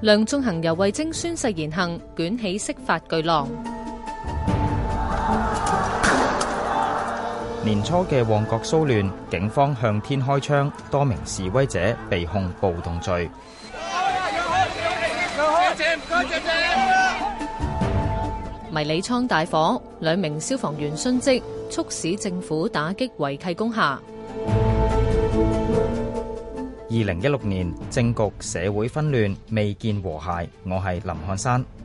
梁頌恆游蕙禎宣誓言行，捲起釋法巨浪。年初嘅旺角騷亂，警方向天開槍，多名示威者被控暴動罪。你你你你你你你你迷你倉大火，兩名消防員殉職，促使政府打擊違契工廈。2016年,政局社會紛亂未見和諧,我係林漢山。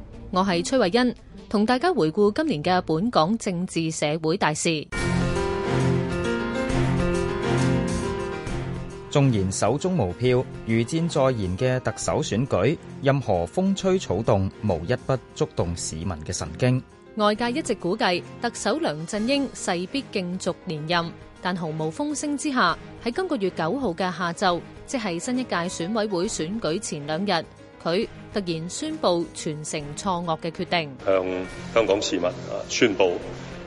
即係新一屆選委會選舉前兩日，佢突然宣布全城錯愕嘅決定，向香港市民啊，宣布，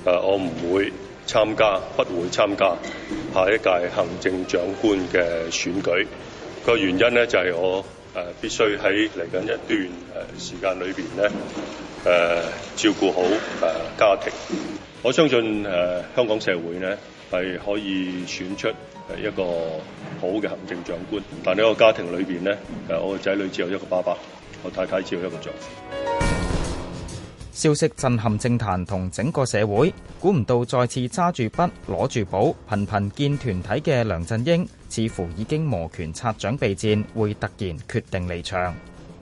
誒我唔會參加，不會參加下一屆行政長官嘅選舉。個原因咧就係我誒必須喺嚟緊一段誒時間裏邊咧誒照顧好誒家庭。我相信誒香港社會呢，係可以選出。係一個好嘅行政長官，但呢個家庭裏面呢，誒，我個仔女只有一個爸爸，我太太只有一個丈夫。消息震撼政壇同整個社會，估唔到再次揸住筆攞住簿，頻頻見團體嘅梁振英，似乎已經磨拳擦掌備戰，會突然決定離場。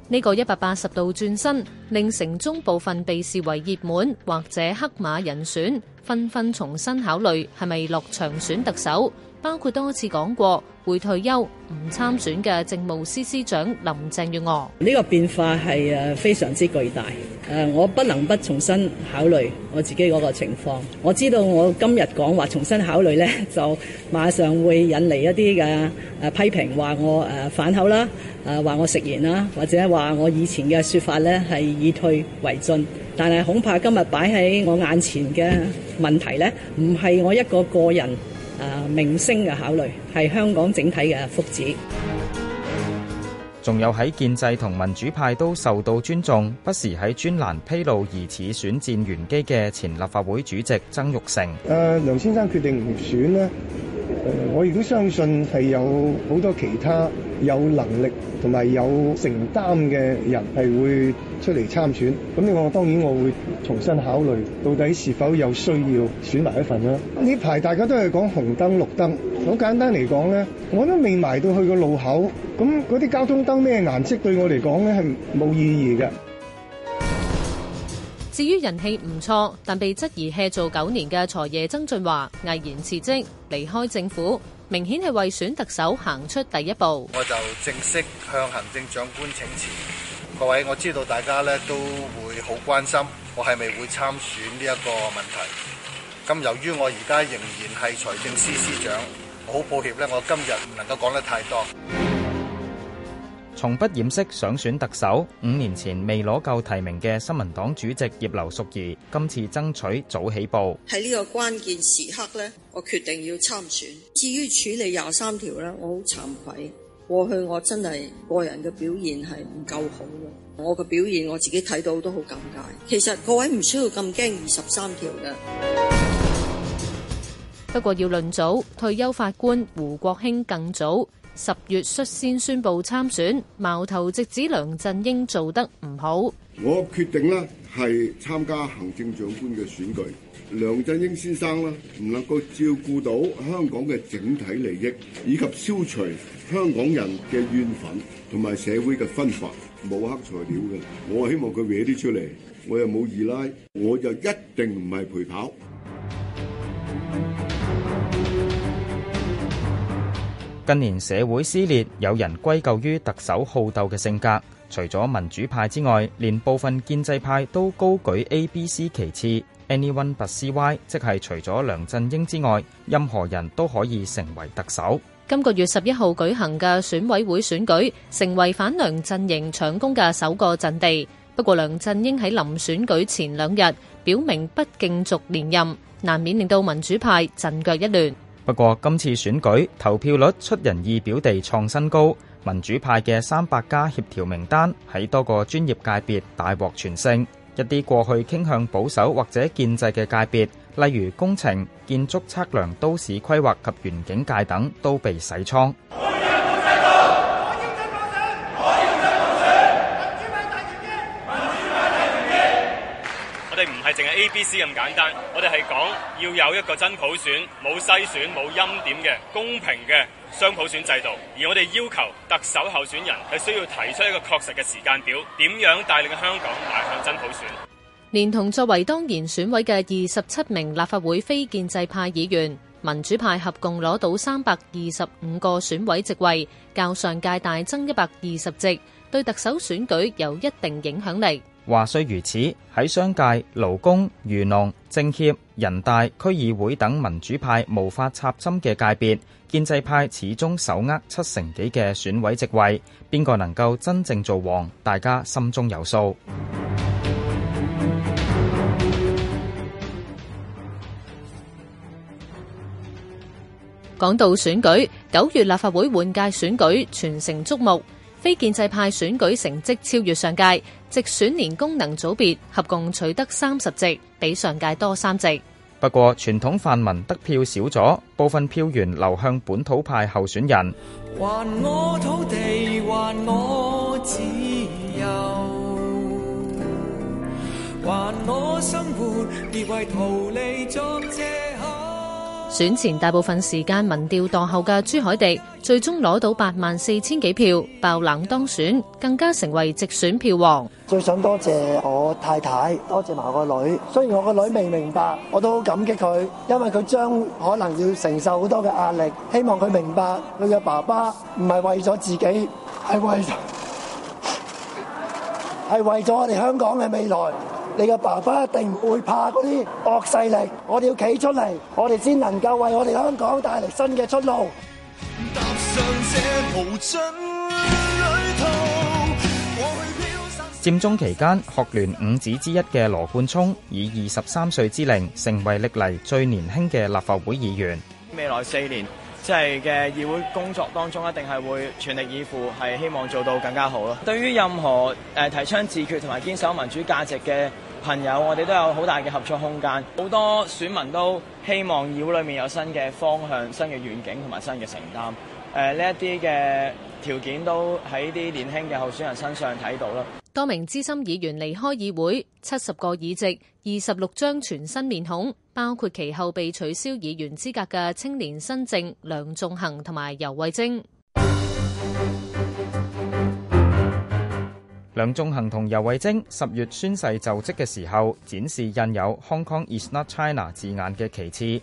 呢個一百八十度轉身，令城中部分被視為熱門或者黑馬人選，紛紛重新考慮係咪落場選特首。包括多次講過會退休唔參選嘅政務司司長林鄭月娥，呢個變化係誒非常之巨大。誒，我不能不重新考慮我自己嗰個情況。我知道我今日講話重新考慮呢，就馬上會引嚟一啲嘅誒批評，話我誒反口啦，誒話我食言啦，或者話我以前嘅說法呢係以退為進。但係恐怕今日擺喺我眼前嘅問題呢，唔係我一個個人。誒，明星嘅考慮係香港整體嘅福祉。仲有喺建制同民主派都受到尊重，不時喺專欄披露疑似選戰玄機嘅前立法會主席曾鈺成。誒、呃，梁先生決定唔選呢？呃、我亦都相信係有好多其他。有能力同埋有承擔嘅人係會出嚟參選，咁我當然我會重新考慮到底是否有需要選埋一份啦。呢排大家都係講紅燈綠燈，好簡單嚟講呢，我都未埋到去個路口，咁嗰啲交通燈咩顏色對我嚟講呢係冇意義嘅。9明顯係為選特首行出第一步，我就正式向行政長官請辭。各位，我知道大家咧都會好關心我係咪會參選呢一個問題。咁由於我而家仍然係財政司司長，我好抱歉咧，我今日唔能夠講得太多。從不掩飾想選特首。五年前未攞夠提名嘅新聞黨主席葉劉淑儀，今次爭取早起步。喺呢個關鍵時刻呢，我決定要參選。至於處理廿三條呢，我好慚愧。過去我真係個人嘅表現係唔夠好嘅，我嘅表現我自己睇到都好尷尬。其實各位唔需要咁驚二十三條噶。不過要論早，退休法官胡國興更早。十月率先宣佈參選，矛頭直指梁振英做得唔好。我決定呢，係參加行政長官嘅選舉。梁振英先生呢，唔能夠照顧到香港嘅整體利益，以及消除香港人嘅怨憤同埋社會嘅分化，冇黑材料嘅。我希望佢搣啲出嚟。我又冇二奶，我就一定唔係陪跑。近年社會撕裂，有人歸咎於特首好鬥嘅性格。除咗民主派之外，連部分建制派都高舉 ABC 旗幟，Anyone But CY，即係除咗梁振英之外，任何人都可以成為特首。今個月十一號舉行嘅選委會選舉，成為反梁陣營搶攻嘅首個陣地。不過，梁振英喺臨選舉前兩日表明不競逐連任，難免令到民主派陣腳一亂。不過，今次選舉投票率出人意表地創新高，民主派嘅三百家協調名單喺多個專業界別大獲全勝，一啲過去傾向保守或者建制嘅界別，例如工程、建築、測量、都市規劃及園境界等，都被洗倉。ABC 咁簡單，我哋係講要有一個真普選，冇篩選、冇欽點嘅公平嘅雙普選制度。而我哋要求特首候選人係需要提出一個確實嘅時間表，點樣帶領香港邁向真普選。連同作為當年選委嘅二十七名立法會非建制派議員，民主派合共攞到三百二十五個選委席位，較上屆大增一百二十席，對特首選舉有一定影響力。話雖如此，喺商界、勞工、漁農、政協、人大、區議會等民主派無法插針嘅界別，建制派始終手握七成幾嘅選委席位，邊個能夠真正做王？大家心中有數。講到選舉，九月立法會換屆選舉全城矚目。非建制派選舉成績超越上屆，直選年功能組別合共取得三十席，比上屆多三席。不過傳統泛民得票少咗，部分票源流向本土派候選人。還我土地，還我自由，還我生活，別為圖利作借口。選前大部分時間民調落後嘅朱海迪最終攞到八萬四千幾票爆冷當選，更加成為直選票王。最想多謝我太太，多謝埋我個女，雖然我個女未明白，我都感激佢，因為佢將可能要承受好多嘅壓力，希望佢明白，佢嘅爸爸唔係為咗自己，係為咗，係為咗我哋香港嘅未來。你嘅爸爸一定唔會怕嗰啲惡勢力，我哋要企出嚟，我哋先能夠為我哋香港帶嚟新嘅出路。佔中期間，學聯五子之一嘅羅冠聰以二十三歲之齡成為歷來最年輕嘅立法會議員。未來四年，即係嘅議會工作當中，一定係會全力以赴，係希望做到更加好咯。對於任何誒提倡自決同埋堅守民主價值嘅朋友，我哋都有好大嘅合作空間。好多選民都希望議會裏面有新嘅方向、新嘅遠景同埋新嘅承擔。誒呢一啲嘅條件都喺啲年輕嘅候選人身上睇到啦。多名資深議員離開議會，七十個議席，二十六張全新面孔。包括其後被取消議員資格嘅青年新政梁頌恆同埋游蕙禎。梁頌恆同游蕙禎十月宣誓就職嘅時候，展示印有 Hong Kong is not China 字眼嘅旗幟。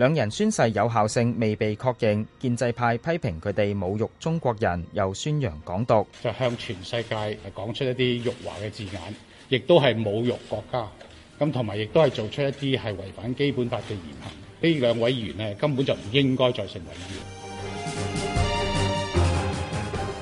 兩人宣誓有效性未被確認，建制派批評佢哋侮辱中國人，又宣揚港獨，就向全世界講出一啲辱華嘅字眼，亦都係侮辱國家，咁同埋亦都係做出一啲係違反基本法嘅言行。呢兩位委員咧根本就唔應該再成為議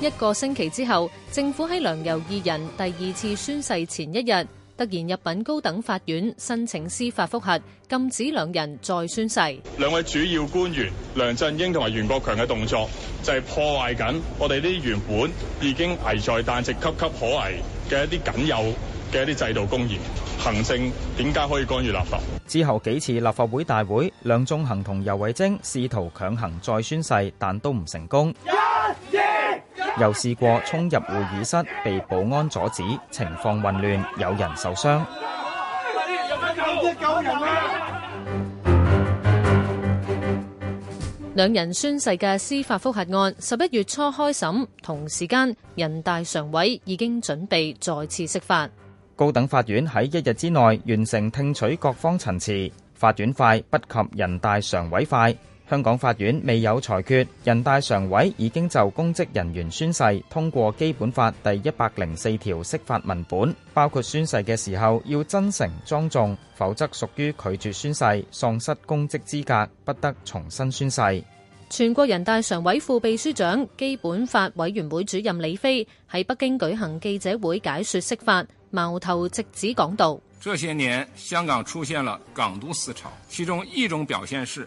員。一個星期之後，政府喺梁游二人第二次宣誓前一日，突然入稟高等法院申請司法復核，禁止兩人再宣誓。兩位主要官員梁振英同埋袁國強嘅動作，就係破壞緊我哋啲原本已經危在旦夕、岌岌可危嘅一啲僅有嘅一啲制度公義。行政點解可以干預立法？之後幾次立法會大會，梁頌恆同游蕙禎試圖強行再宣誓，但都唔成功。又試過衝入會議室被保安阻止情況混亂有人受傷兩人宣誓嘅司法覆核案十一月初開審同時間人大常委已經準備再次釋法高等法院喺一日之內完成聽取各方陳詞法院快不及人大常委快香港法院未有裁決，人大常委已經就公職人員宣誓通過基本法第一百零四條釋法文本，包括宣誓嘅時候要真誠莊重，否則屬於拒絕宣誓，喪失公職資格，不得重新宣誓。全國人大常委副秘書長、基本法委員會主任李飛喺北京舉行記者會解說釋法，矛頭直指港獨：這些年香港出現了港獨思潮，其中一種表現是，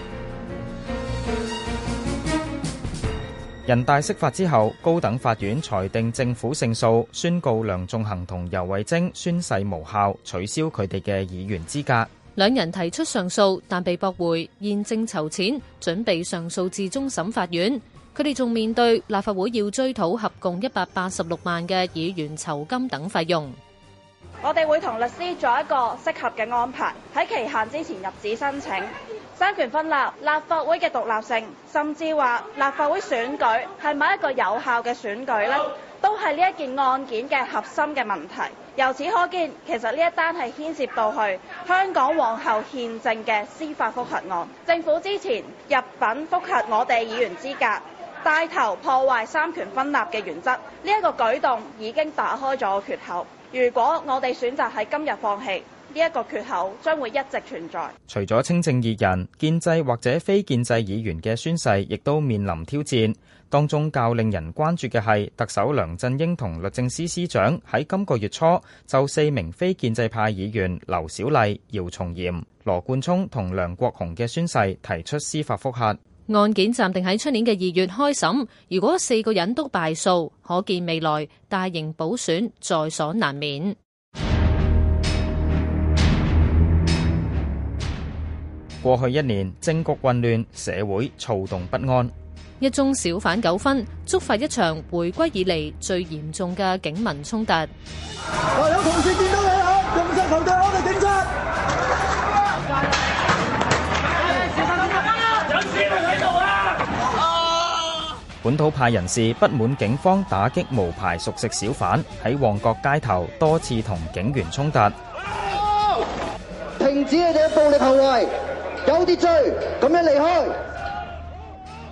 人大釋法之後，高等法院裁定政府勝訴，宣告梁頌恆同游蕙禎宣誓無效，取消佢哋嘅議員資格。兩人提出上訴，但被駁回，現正籌錢準備上訴至終審法院。佢哋仲面對立法會要追討合共一百八十六萬嘅議員酬金等費用。我哋會同律師做一個適合嘅安排，喺期限之前入紙申請。三權分立、立法會嘅獨立性，甚至話立法會選舉係咪一個有效嘅選舉呢？都係呢一件案件嘅核心嘅問題。由此可見，其實呢一單係牽涉到去香港往後憲政嘅司法覆核案。政府之前入稟覆核我哋議員資格，帶頭破壞三權分立嘅原則，呢、這、一個舉動已經打開咗缺口。如果我哋選擇喺今日放棄。呢一個缺口將會一直存在。除咗青政二人、建制或者非建制議員嘅宣誓，亦都面臨挑戰。當中較令人關注嘅係特首梁振英同律政司司長喺今個月初就四名非建制派議員劉小麗、姚松炎、羅冠聰同梁國雄嘅宣誓提出司法覆核。案件暫定喺出年嘅二月開審。如果四個人都敗訴，可見未來大型補選在所難免。過去一年政局混亂，社會躁動不安有啲罪，咁樣離開。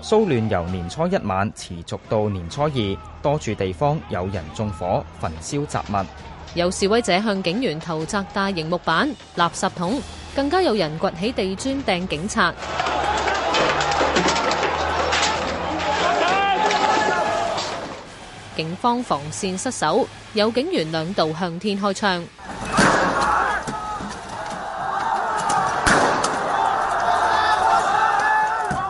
騷亂由年初一晚持續到年初二，多處地方有人縱火焚燒雜物，有示威者向警員投擲大型木板、垃圾桶，更加有人掘起地磚掟警察。警方防線失守，有警員兩度向天開槍。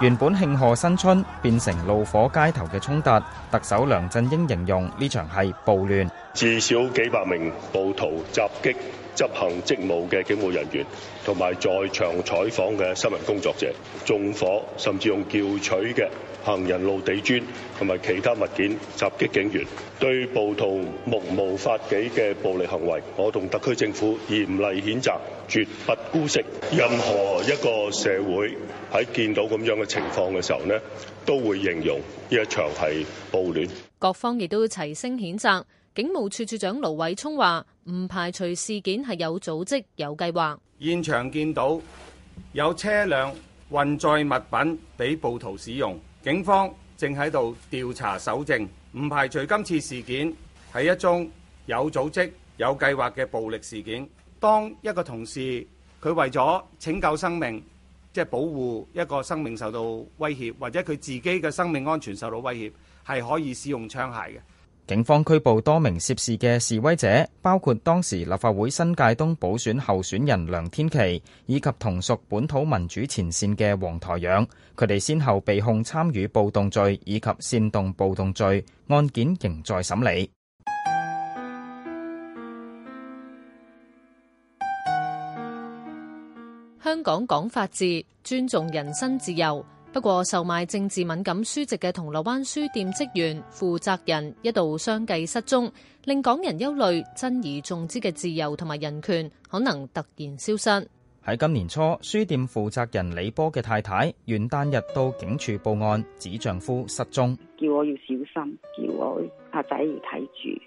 原本慶賀新春變成怒火街頭嘅衝突，特首梁振英形容呢場係暴亂，至少幾百名暴徒襲擊執行職務嘅警務人員同埋在場採訪嘅新聞工作者，縱火甚至用叫取嘅。行人路地磚同埋其他物件襲擊警員，對暴徒目無法紀嘅暴力行為，我同特區政府嚴厲譴責，絕不姑息。任何一個社會喺見到咁樣嘅情況嘅時候呢，都會形容呢一場係暴亂。各方亦都齊聲譴責。警務處處長盧偉聰話：唔排除事件係有組織、有計劃。現場見到有車輛運載物品俾暴徒使用。警方正喺度調查搜證，唔排除今次事件係一宗有組織、有計劃嘅暴力事件。當一個同事，佢為咗拯救生命，即係保護一個生命受到威脅，或者佢自己嘅生命安全受到威脅，係可以使用槍械嘅。警方拘捕多名涉事嘅示威者，包括當時立法會新界東補選候選人梁天琦，以及同屬本土民主前線嘅黃台仰，佢哋先後被控參與暴動罪以及煽動暴動罪，案件仍在審理。香港講法治，尊重人身自由。不過售賣政治敏感書籍嘅銅鑼灣書店職員負責人一度相繼失蹤，令港人憂慮，珍而重之嘅自由同埋人權可能突然消失。喺今年初，書店負責人李波嘅太太元旦日到警署報案，指丈夫失蹤，叫我要小心，叫我阿仔而睇住。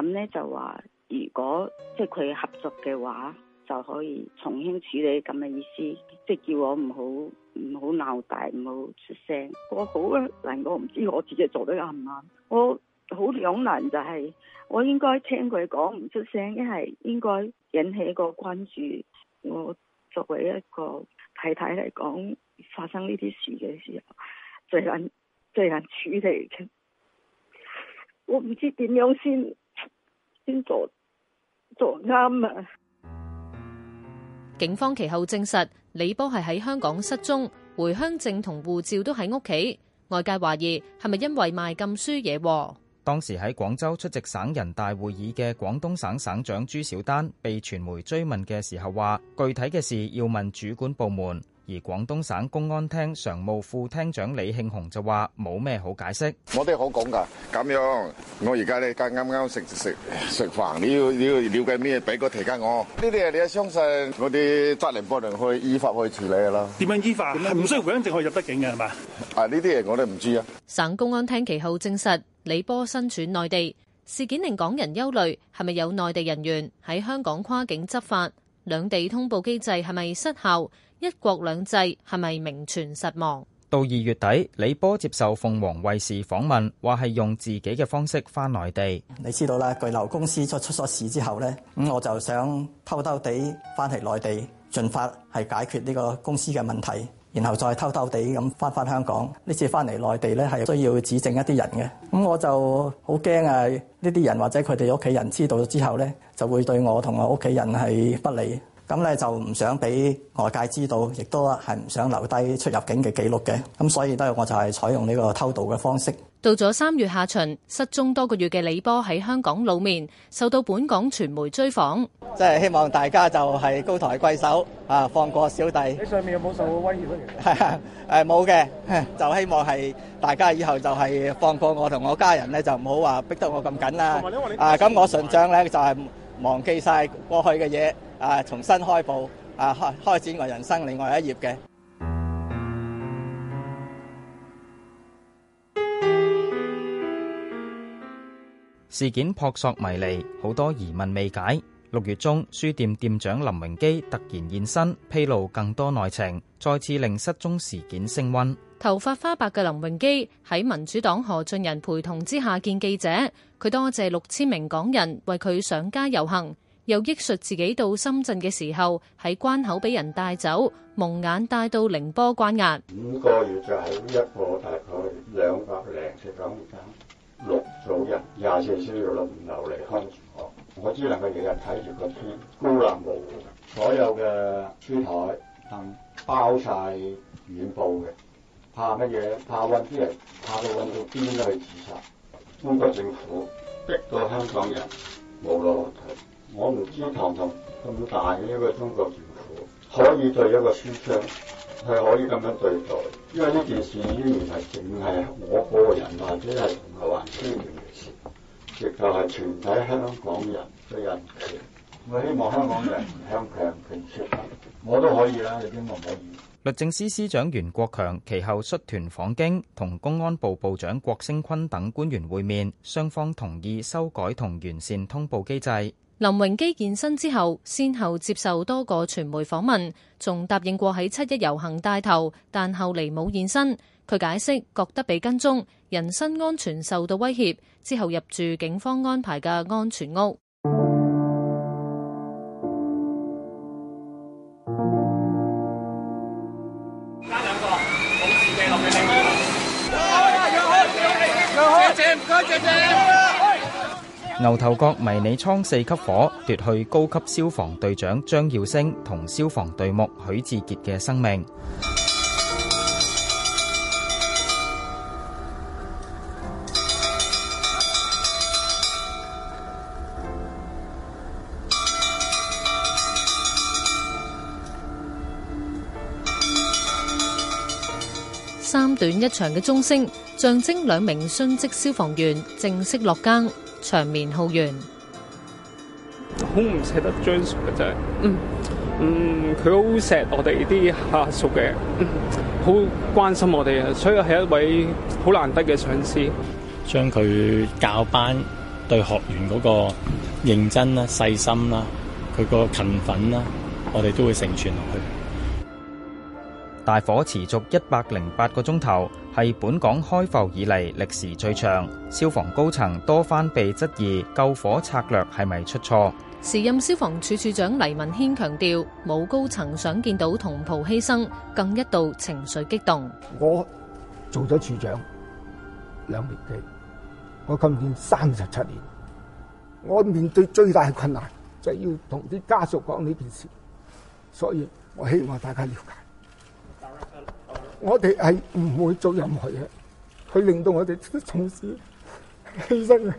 咁呢就話，如果即係佢合作嘅話。就可以從輕處理咁嘅意思，即係叫我唔好唔好鬧大，唔好出聲。我好難，我唔知我自己做得啱唔啱。我好兩難，就係我應該聽佢講唔出聲，一係應該引起個關注。我作為一個太太嚟講，發生呢啲事嘅時候，最難最難處理嘅，我唔知點樣先先做做啱啊！警方其後證實，李波係喺香港失蹤，回鄉證同護照都喺屋企。外界懷疑係咪因為賣禁書惹禍？當時喺廣州出席省人大會議嘅廣東省省長朱小丹被傳媒追問嘅時候話，具體嘅事要問主管部門。而廣東省公安廳常務副廳長李慶雄就話,冇咩好解釋。一國兩制係咪名存實亡？到二月底，李波接受鳳凰衛視訪問，話係用自己嘅方式翻內地。你知道啦，巨流公司出出咗事之後咧，咁我就想偷偷地翻嚟內地，盡法係解決呢個公司嘅問題，然後再偷偷地咁翻翻香港。呢次翻嚟內地咧，係需要指證一啲人嘅。咁我就好驚啊！呢啲人或者佢哋屋企人知道咗之後咧，就會對我同我屋企人係不利。咁咧就唔想俾外界知道，亦都係唔想留低出入境嘅記錄嘅。咁所以都係，我就係採用呢個偷渡嘅方式。到咗三月下旬，失蹤多個月嘅李波喺香港露面，受到本港傳媒追訪。即係希望大家就係高抬貴手啊，放過小弟。喺上面有冇受過威脅咧？誒，冇嘅，就希望係大家以後就係放過我同我家人咧，就唔好話逼得我咁緊啦。啊，咁我順章咧就係忘記曬過去嘅嘢。啊！重新開步啊！開展我人生另外一頁。嘅事件撲朔迷離，好多疑問未解。六月中，書店店長林榮基突然現身，披露更多內情，再次令失蹤事件升溫。頭髮花白嘅林榮基喺民主黨何俊仁陪同之下見記者，佢多謝六千名港人為佢上街遊行。又憶述自己到深圳嘅時候，喺關口俾人帶走，蒙眼帶到寧波關押五個月，就喺一個大概兩百零尺咁樣，六組人廿四小時輪流嚟看住我，我只能夠日日睇住個天，高欄冇所有嘅書枱燈包晒軟布嘅，怕乜嘢？怕搵啲人，怕到搵到邊都去自殺。中國政府逼到香港人冇路我唔知堂堂咁大嘅一個中國政府可以對一個書商係可以咁樣對待，因為呢件事已經唔係淨係我個人或者係同埋話私人嘅事，亦就係全體香港人嘅人權。我希望香港人向強權説服，我都可以啦、啊。你希望唔可以、啊、律政司司長袁國強其後率團訪京，同公安部部長郭聲琨等官員會面，雙方同意修改同完善通報機制。林榮基現身之後，先後接受多個傳媒訪問，仲答應過喺七一遊行帶頭，但後嚟冇現身。佢解釋覺得被跟蹤，人身安全受到威脅，之後入住警方安排嘅安全屋。牛頭角迷你倉四級火奪去高級消防隊長張耀陞同消防隊目許志杰嘅生命。三短一長嘅鐘聲象徵兩名殉職消防員正式落更。場面浩然，好唔捨得張熟嘅真係，嗯嗯，佢好錫我哋啲下屬嘅，好、嗯、關心我哋啊，所以係一位好難得嘅上司。將佢教班對學員嗰個認真啦、細心啦、佢個勤奮啦，我哋都會承傳落去。大火持續一百零八個鐘頭，係本港開埠以嚟歷時最長。消防高層多番被質疑救火策略係咪出錯？時任消防處處長黎文軒強調：冇高層想見到同袍犧牲，更一度情緒激動。我做咗處長兩年幾，我今年三十七年，我面對最大困難就係要同啲家屬講呢件事，所以我希望大家了解。我哋係唔會做任何嘢，去令到我哋同事犧牲嘅。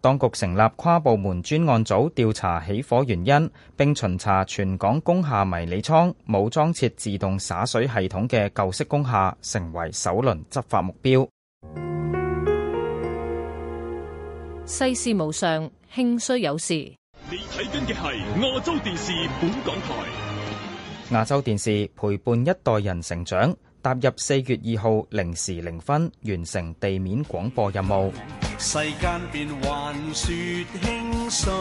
當局成立跨部門專案組調查起火原因，並巡查全港工廈迷你倉。冇裝設自動灑水系統嘅舊式工廈，成為首輪執法目標。世事無常，興衰有時。你睇緊嘅係亞洲電視本港台。亞洲電視陪伴一代人成長，踏入四月二號零時零分，完成地面廣播任務。世間變幻說興衰，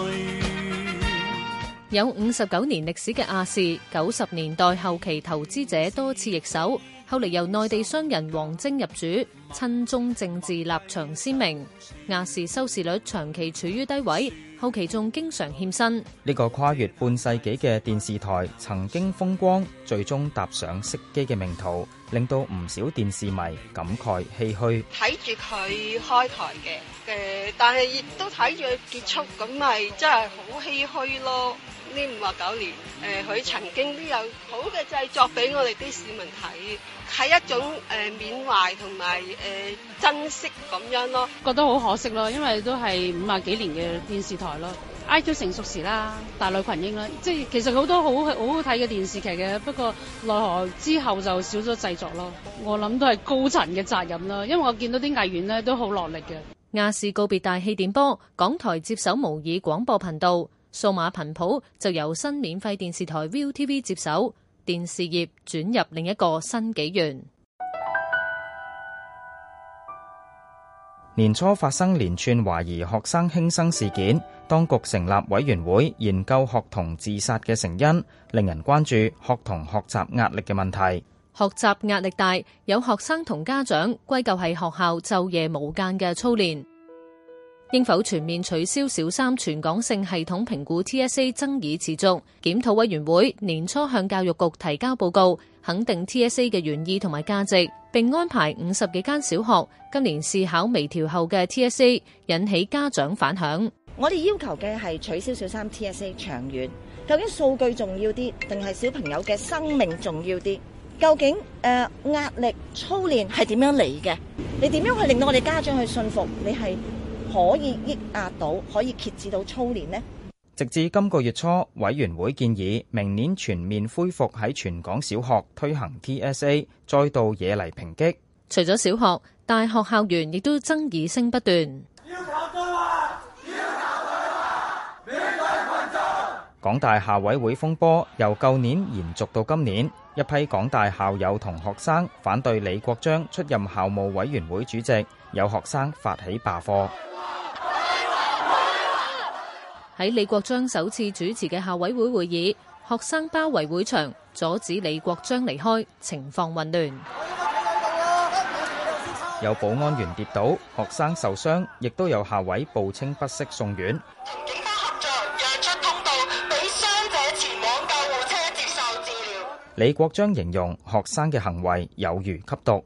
有五十九年歷史嘅亞視，九十年代後期投資者多次易手。後嚟由內地商人王征入主，親中政治立場鮮明，亞視收視率長期處於低位，後期仲經常欠薪。呢個跨越半世紀嘅電視台曾經風光，最終踏上熄機嘅命途，令到唔少電視迷感慨唏噓。睇住佢開台嘅，誒，但係亦都睇住佢結束，咁咪真係好唏噓咯。呢五啊九年，誒佢曾經都有好嘅製作俾我哋啲市民睇，係一種誒緬懷同埋誒珍惜咁樣咯。覺得好可惜咯，因為都係五啊幾年嘅電視台咯。IQ 成熟時啦，大內群英啦，即係其實好多好好睇嘅電視劇嘅，不過奈何之後就少咗製作咯。我諗都係高層嘅責任啦，因為我見到啲藝員咧都好落力嘅。亞視告別大氣電波，港台接手模擬廣播頻道。數碼頻譜就由新免費電視台 ViuTV 接手，電視業轉入另一個新紀元。年初發生連串懷疑學生輕生事件，當局成立委員會研究學童自殺嘅成因，令人關注學童學習壓力嘅問題。學習壓力大，有學生同家長歸咎係學校晝夜無間嘅操練。應否全面取消小三全港性系統評估 TSA 爭議持續。檢討委員會年初向教育局提交報告，肯定 TSA 嘅原意同埋價值，並安排五十幾間小學今年試考微調後嘅 TSA，引起家長反響。我哋要求嘅係取消小三可以抑壓到，可以遏止到操練呢？直至今個月初，委員會建議明年全面恢復喺全港小學推行 TSA，再度惹嚟抨擊。除咗小學，大學校園亦都爭議聲不斷。要搞佢啊！要搞佢啊！港大校委會風波由舊年延續到今年，一批港大校友同學生反對李國章出任校務委員會主席。有學生發起罷課，喺李國章首次主持嘅校委會會議，學生包圍會場，阻止李國章離開，情況混亂。有保安員跌倒，學生受傷，亦都有校委報稱不適送院。同警方合作，讓出通道俾傷者前往救護車接受治療。李國章形容學生嘅行為有如吸毒。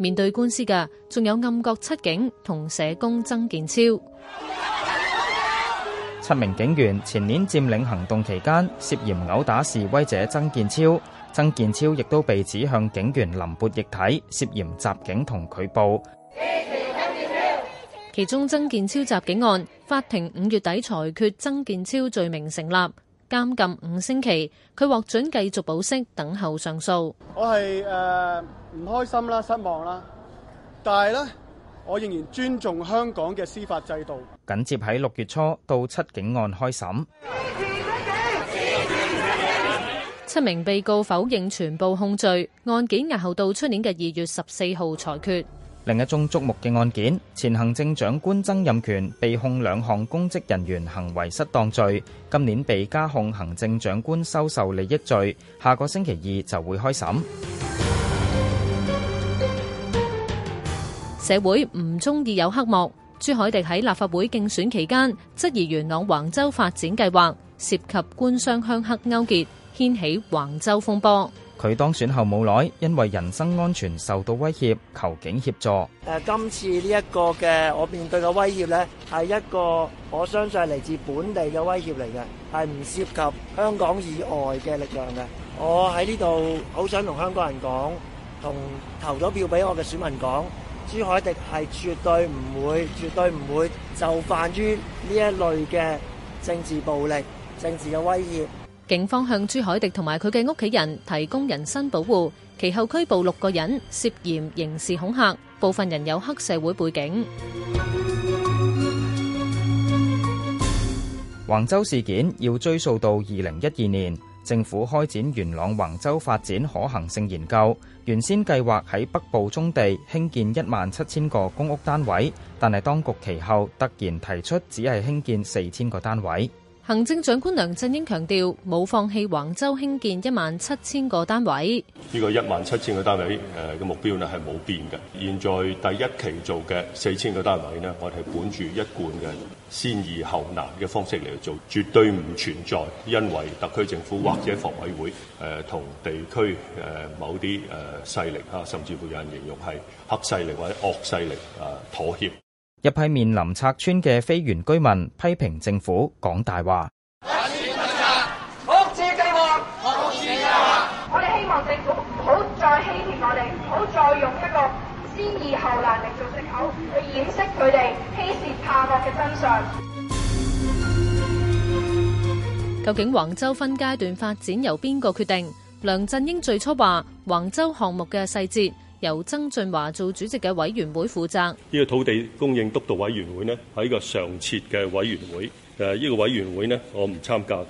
面對官司嘅仲有暗角七警同社工曾建超，七名警員前年佔領行動期間涉嫌毆打示威者曾建超，曾建超亦都被指向警員淋潑液體，涉嫌襲警同拒捕。其中曾建超襲警案，法庭五月底裁決曾建超罪名成立。監禁五星期，佢獲准繼續保釋等候上訴。另一宗矚目嘅案件，前行政長官曾蔭權被控兩項公職人員行為失當罪，今年被加控行政長官收受利益罪，下個星期二就會開審。佢當選後冇耐，因為人身安全受到威脅，求警協助。呃，今次呢一個嘅我面對嘅威脅咧，係一個我相信係嚟自本地嘅威脅嚟嘅，係唔涉及香港以外嘅力量嘅。我喺呢度好想同香港人講，同投咗票俾我嘅選民講，朱凱廸係絕對唔會、絕對唔會就範於呢一類嘅政治暴力、政治嘅威脅。警方向朱凱廸同埋佢嘅屋企人提供人身保護，其後拘捕六個人，涉嫌刑事恐嚇，部分人有黑社會背景。橫洲事件要追溯到二零一二年，政府開展元朗橫洲發展可行性研究，原先計劃喺北部中地興建一萬七千個公屋單位，但係當局其後突然提出只係興建四千個單位。行政長官梁振英強調，冇放棄橫洲興建一萬七千個單位。呢個一萬七千個單位，誒嘅目標咧係冇變嘅。現在第一期做嘅四千個單位呢，我哋係管住一貫嘅先易後難嘅方式嚟做，絕對唔存在，因為特區政府或者房委會誒同地區誒某啲誒勢力啊，甚至有人形容係黑勢力或者惡勢力妥協。一批面臨拆村嘅非原居民批評政府講大話，我哋希望政府唔好再欺騙我哋，唔好再用一個先易後難嚟做借口去掩飾佢哋欺善怕惡嘅真相。究竟橫洲分階段發展由邊個決定？梁振英最初話橫洲項目嘅細節。由曾俊華做主席嘅委員會負責呢個土地供應督導委員會呢，係一個常設嘅委員會誒，呢、呢個委員會呢，我唔參加嘅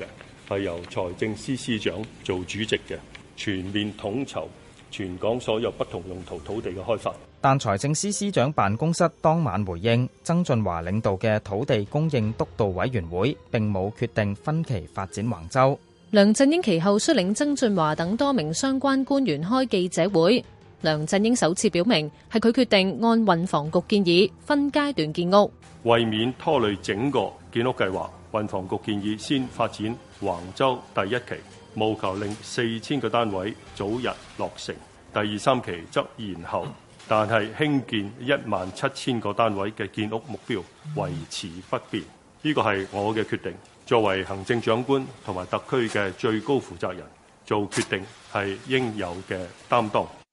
係由財政司司長做主席嘅，全面統籌全港所有不同用途土地嘅開發。但財政司司長辦公室當晚回應，曾俊華領導嘅土地供應督導委員會並冇決定分期發展橫洲。梁振英其後率領曾俊華等多名相關官員開記者會。梁振英首次表明，係佢決定按運房局建議分階段建屋，為免拖累整個建屋計劃。運房局建議先發展橫洲第一期，務求令四千個單位早日落成，第二三期則延後。但係興建一萬七千個單位嘅建屋目標維持不變。呢個係我嘅決定，作為行政長官同埋特區嘅最高負責人，做決定係應有嘅擔當。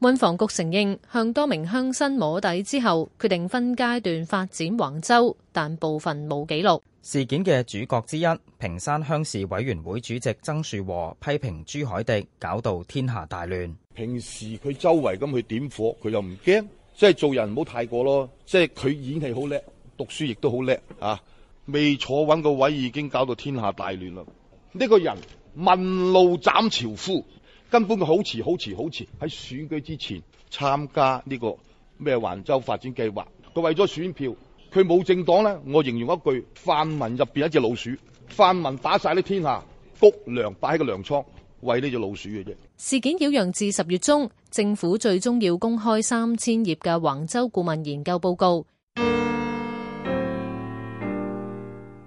運房局承認向多名鄉紳摸底之後，決定分階段發展橫洲，但部分冇記錄。事件嘅主角之一屏山鄉事委員會主席曾樹和批評朱凱迪搞到天下大亂。平時佢周圍咁去點火，佢又唔驚，即係做人唔好太過咯。即係佢演戲好叻，讀書亦都好叻啊！未坐穩個位已經搞到天下大亂啦！呢個人問路斬樵夫。根本佢好遲好遲好遲喺選舉之前參加呢、這個咩橫洲發展計劃，佢為咗選票，佢冇政黨呢。我形容一句：泛民入邊一隻老鼠，泛民打晒啲天下穀糧，擺喺個糧倉餵呢隻老鼠嘅啫。事件擾攘至十月中，政府最終要公開三千頁嘅橫洲顧問研究報告。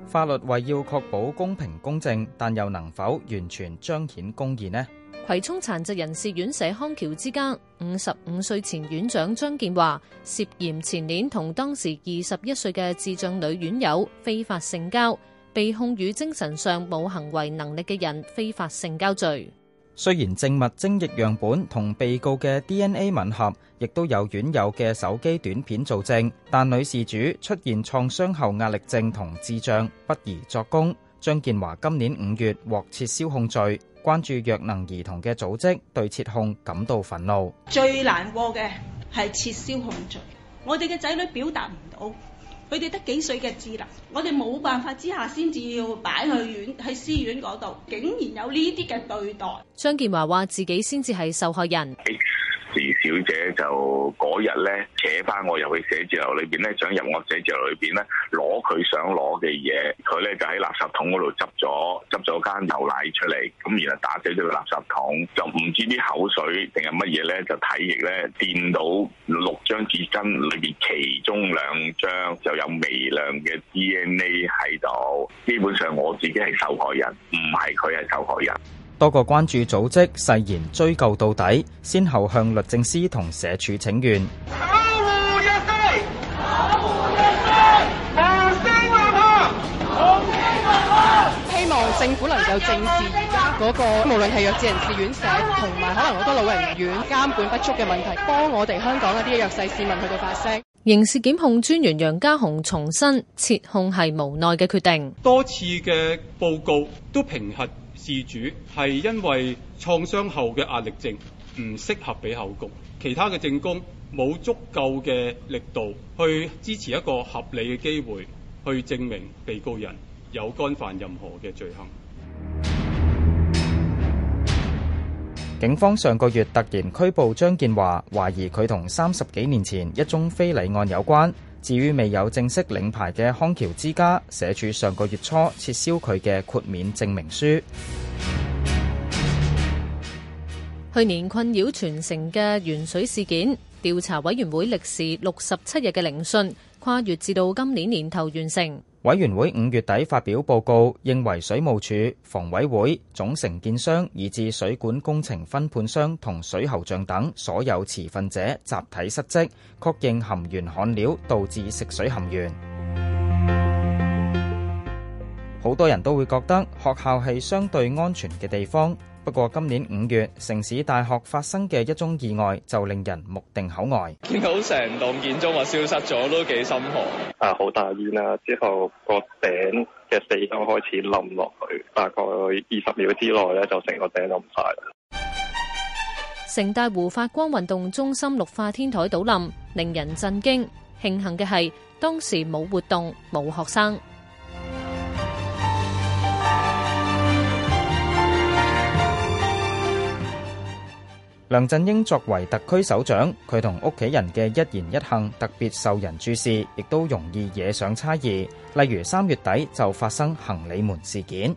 法律為要確保公平公正，但又能否完全彰顯公義呢？葵涌殘疾人士院舍康橋之家五十五歲前院長張健華涉嫌前年同當時二十一歲嘅智障女院友非法性交，被控與精神上冇行為能力嘅人非法性交罪。雖然證物精液樣本同被告嘅 DNA 吻合，亦都有院友嘅手機短片做證，但女事主出現創傷後壓力症同智障，不宜作供。張健華今年五月獲撤銷控罪。關注弱能兒童嘅組織對撤控感到憤怒。最難過嘅係撤銷控罪，我哋嘅仔女表達唔到，佢哋得幾歲嘅智能，我哋冇辦法之下先至要擺去院，喺私院嗰度，竟然有呢啲嘅對待。張建華話自己先至係受害人。徐小姐就嗰日咧扯翻我入去寫字樓裏面咧，想入我寫字樓裏面咧攞佢想攞嘅嘢，佢咧就喺垃圾桶嗰度執咗執咗間牛奶出嚟，咁然後打碎咗個垃圾桶，就唔知啲口水定係乜嘢咧，就體液咧掂到六張紙巾裏面，其中兩張就有微量嘅 DNA 喺度，基本上我自己係受害人，唔係佢係受害人。多個關注組織誓言追究到底，先後向律政司同社署請願。希望政府能夠正視嗰個無論係弱智人士院舍，同埋可能好多老人院監管不足嘅問題，幫我哋香港嗰啲弱勢市民去到發聲。刑事檢控專員楊家雄重申撤控係無奈嘅決定，多次嘅報告都評核。事主係因為創傷後嘅壓力症，唔適合俾口供。其他嘅證供冇足夠嘅力度去支持一個合理嘅機會去證明被告人有干犯任何嘅罪行。警方上個月突然拘捕張建華，懷疑佢同三十幾年前一宗非禮案有關。至於未有正式領牌嘅康橋之家，社署上個月初撤銷佢嘅豁免證明書。去年困擾全城嘅鉛水事件調查委員會歷時六十七日嘅聆訊，跨越至到今年年頭完成。委員會五月底發表報告，認為水務署、房委會、總承建商以至水管工程分判商同水喉匠等所有持份者集體失職，確認含鉛焊料導致食水含鉛。好多人都會覺得學校係相對安全嘅地方。不過今年五月，城市大學發生嘅一宗意外就令人目定口呆。見到成棟建築物消失咗，都幾心寒。啊，好大煙啦、啊，之後個頂嘅四周開始冧落去，大概二十秒之內就成個頂冧晒。城大胡法光運動中心綠化天台倒冧，令人震驚。慶幸嘅係當時冇活動，冇學生。梁振英作為特區首長，佢同屋企人嘅一言一行特別受人注視，亦都容易惹上猜疑，例如三月底就發生行李門事件。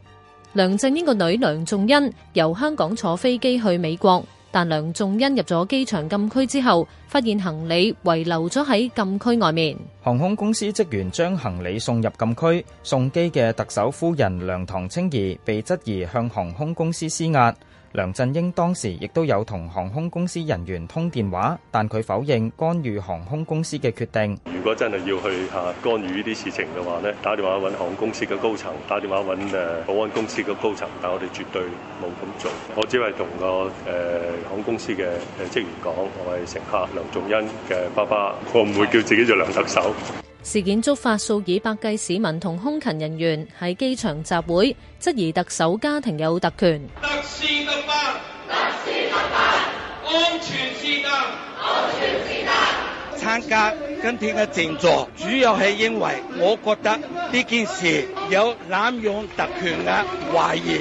梁振英個女梁仲恩由香港坐飛機去美國，但梁仲恩入咗機場禁區之後，發現行李遺留咗喺禁區外面。航空公司職員將行李送入禁區，送機嘅特首夫人梁唐青儀被質疑向航空公司施壓。梁振英當時亦都有同航空公司人員通電話，但佢否認干預航空公司嘅決定。如果真係要去干預呢啲事情嘅話咧，打電話揾航空公司嘅高層，打電話揾保安公司嘅高層，但我哋絕對冇咁做。我只係同個、呃、航空公司嘅職員講，我係乘客梁仲恩嘅爸爸，我唔會叫自己做梁特首。事件觸發數以百計市民同空勤人員喺機場集會，質疑特首家庭有特權。特事特辦，特事特辦，安全是第一，安全是第一。參加今天嘅靜坐，主要係因為我覺得呢件事有濫用特權嘅懷疑。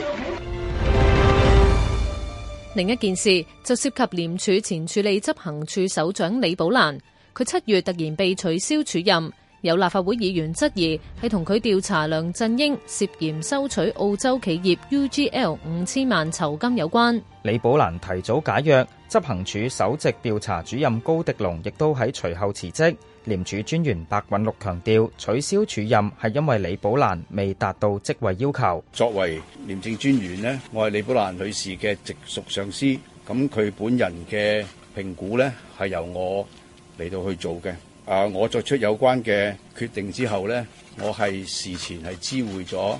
另一件事就涉及廉署前處理執行處首，首長李寶蘭，佢七月突然被取消署任。，有立法會議員質疑係同佢調查梁振英涉嫌收取澳洲企業 UGL 五千萬酬金有關。李寶蘭提早解約，執行處首席調查主任高迪龍亦都喺隨後辭職。廉署專員白韞六強調，取消署任係因為李寶蘭未達到職位要求。作為廉政專員咧，我係李寶蘭女士嘅直屬上司，咁佢本人嘅評估咧係由我嚟到去做嘅。啊！我作出有關嘅決定之後呢，我係事前係知會咗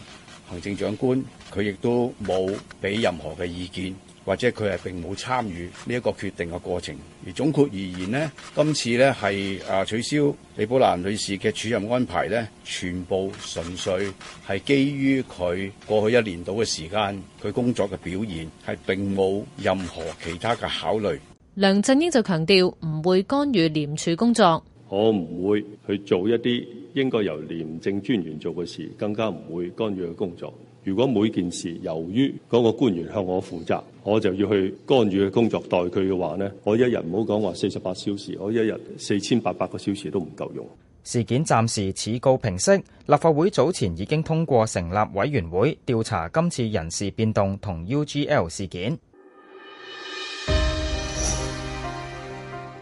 行政長官，佢亦都冇俾任何嘅意見，或者佢係並冇參與呢一個決定嘅過程。而總括而言呢，今次呢係啊取消李寶蘭女士嘅署任安排呢，全部純粹係基於佢過去一年度嘅時間佢工作嘅表現，係並冇任何其他嘅考慮。梁振英就強調唔會干預廉署工作。我唔會去做一啲應該由廉政專員做嘅事，更加唔會干預嘅工作。如果每件事由於嗰個官員向我負責，我就要去干預嘅工作代佢嘅話呢？我一日唔好講話四十八小時，我一日四千八百個小時都唔夠用。事件暫時始告平息，立法會早前已經通過成立委員會調查今次人事變動同 UGL 事件。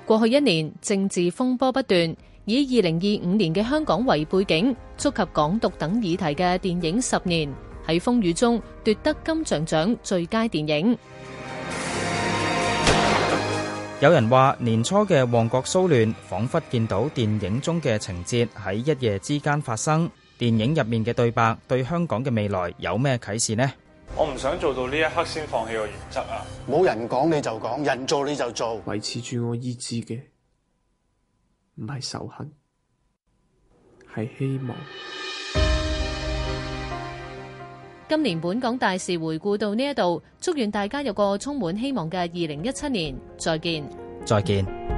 過去一年政治風波不斷以我唔想做到呢一刻先放棄個原則啊！冇人講你就講，人做你就做。維持住我意志嘅，唔係仇恨，係希望。今年本港大事回顧到呢一度，祝願大家有個充滿希望嘅二零一七年。再見，再見。